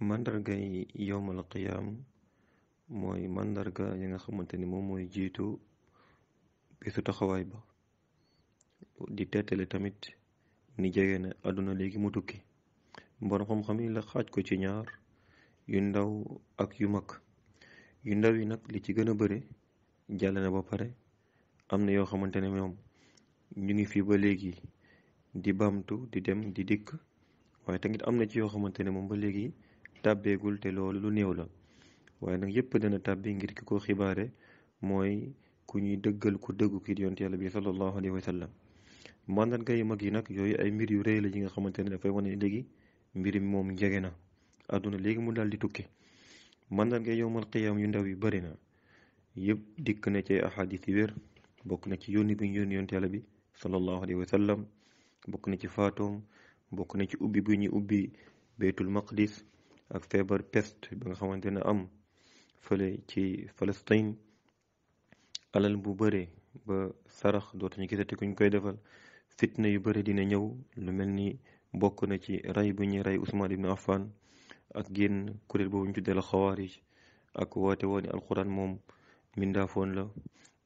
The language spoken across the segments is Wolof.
mandarga màndargay yowmal qiyaam mooy màndarga yi nga xamante ni moom mooy jiitu bisu taxawaay ba di teetale tamit ni jege na àdduna léegi mu tukki borom xam-xam la xaaj ko ci ñaar yu ndaw ak yu mag yu ndaw yi nag li ci gën a bëre jàll na ba pare am na yoo xamante ne moom ñu ngi fi ba léegi di bamtu di dem di dikk waaye tamit am na ci yoo xamante ne moom ba léegi tàbbeegul te loolu lu néew la waaye nag yépp dana tàbbi ngir ki ko xibaare mooy ku ñuy dëggal ku dëggu ki yonent yàlla bi sallallahu alayhi wa sallam yu mag yi nag yooyu ay mbir yu rëy la yi nga xamante ne dafay wane léegi mbir mi moom jege na àdduna léegi mu daal di tukki màndarga yowmal qiyaam yu ndaw yi bëri na yëpp dikk na ci ahadis yi bokk na ci yónni bi ñu yónni yonent yàlla bi sallallahu alayhi wa sallam bokk na ci faatoom bokk na ci ubbi bu ñuy ubbi beytul maqdis ak feebar pest ba nga xamante ne am fële ci Palestine alal bu bëre ba sarax dootuñu gisati kuñ koy defal fitna yu bëri dina ñëw lu mel ni bokk na ci rey bu ñuy rey Ousmane Ibn Affan ak génn kuréel boobu ñu tuddee la xawaarij ak woote woo ni alxuraan moom mindaafoon la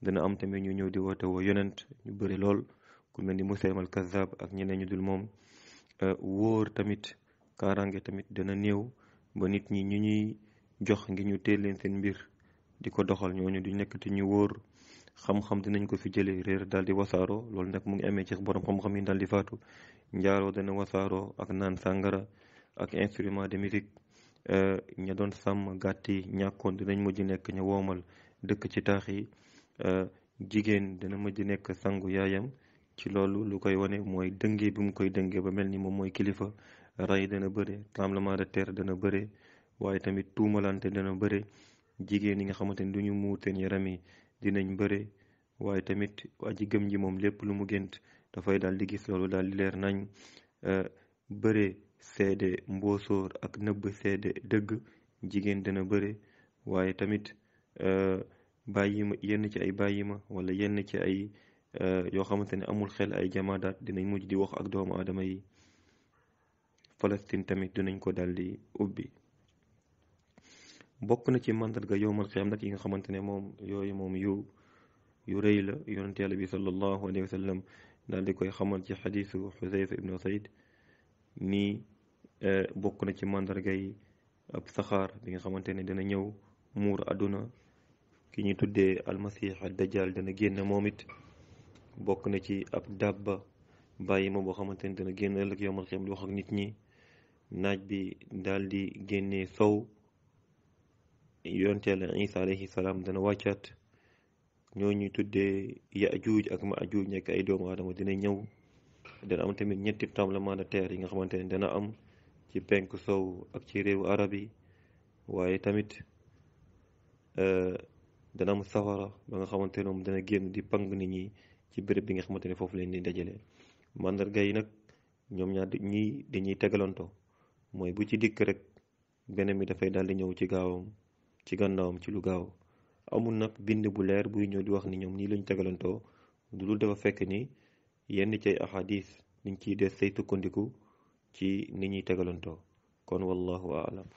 dana am tamit ñu ñëw di woote woo yonent ñu bëri lool ku mel ni Musaym al ak ñeneen ñu dul moom euh, woor tamit kaaraange tamit dana néew ba nit ñi ñu ñuy jox ngir ñu teel leen mbir di ko doxal ñu ñooñu nekk nekkati ñu wóor xam-xam nañ ko fi jëlee réer daal di wasaaroo loolu nag mu amee ci borom xam-xam yi daal di faatu njaaroo dana wasaaroo ak naan sàngara ak instrument de musique eh, ña doon sàmm gàtt yi ñàkkoon dinañ mujj nekk ñu woomal dëkk ci taax yi eh, jigéen dana mujj nekk sangu yaayam ci loolu lu koy wane mooy dëngee bi mu koy dëngee ba mel ni moom mooy kilifa ray dana bëre tremblement de terre dana bëre waaye tamit tuumalante dana bëre jigéen yi nga xamante ni du ñu yaram yi dinañ bëre waaye tamit aji gëm moom lépp lu mu gént dafay daal di gis loolu daal di leer nañ euh, bëre seede mboosoor ak nëbb seede dëgg jigéen dana bëre waaye tamit euh, bàyyi ma yenn ci ay bàyyi ma wala yenn ci ay euh, yoo xamante ne amul xel ay jamaadaat dinañ mujj di wax ak doomu aadama yi Palestine tamit dinañ ko di ubbi bokk na ci màndarga yowmal xiyaam nag yi nga xamante ne moom yooyu moom yu yu rëy la yonent yàlla bi sallallahu alayhi wa sallam di koy xamal ci xadiisu xuseyfa ibnu sayd nii e, bokk na ci màndarga yi ab saxaar bi nga xamante ne dina ñëw muur àdduna ki ñu tuddee almasih ad dajjal dana génn moom it bokk na ci ab dàbba bàyyi ma boo xamante ne dana génn ëllëg yomal xiyam nit ñi naaj bi daal di génnee sow yonteel isa alayhi salaam dana wàccaat ñoo ñu tuddee yaajuuj ak maajuuj nekk ay doomu aadama dina ñëw dana am tamit ñetti tremblement de terre yi nga xamante ne dana am ci penk sow ak ci réewu arab yi waaye tamit euh, dana am sawara ba nga xamante dana génn di pang nit ñi ci béréb bi nga xamante ne foofu lañ di dajalee mandarga yi nag ñoom ñaar ñii dañuy tegalantoo mooy bu ci dikk rek beneen bi dafay daal di ñëw ci gaawam ci gànnaawam ci lu gaaw amul nag bind bu leer buy ñëw di wax ni ñoom nii lañ tegalantoo du lu dafa fekk ni yenn ci ay ahadis niñ ciy des say tukkandiku ci ni ñuy tegalantoo kon wallahu aalam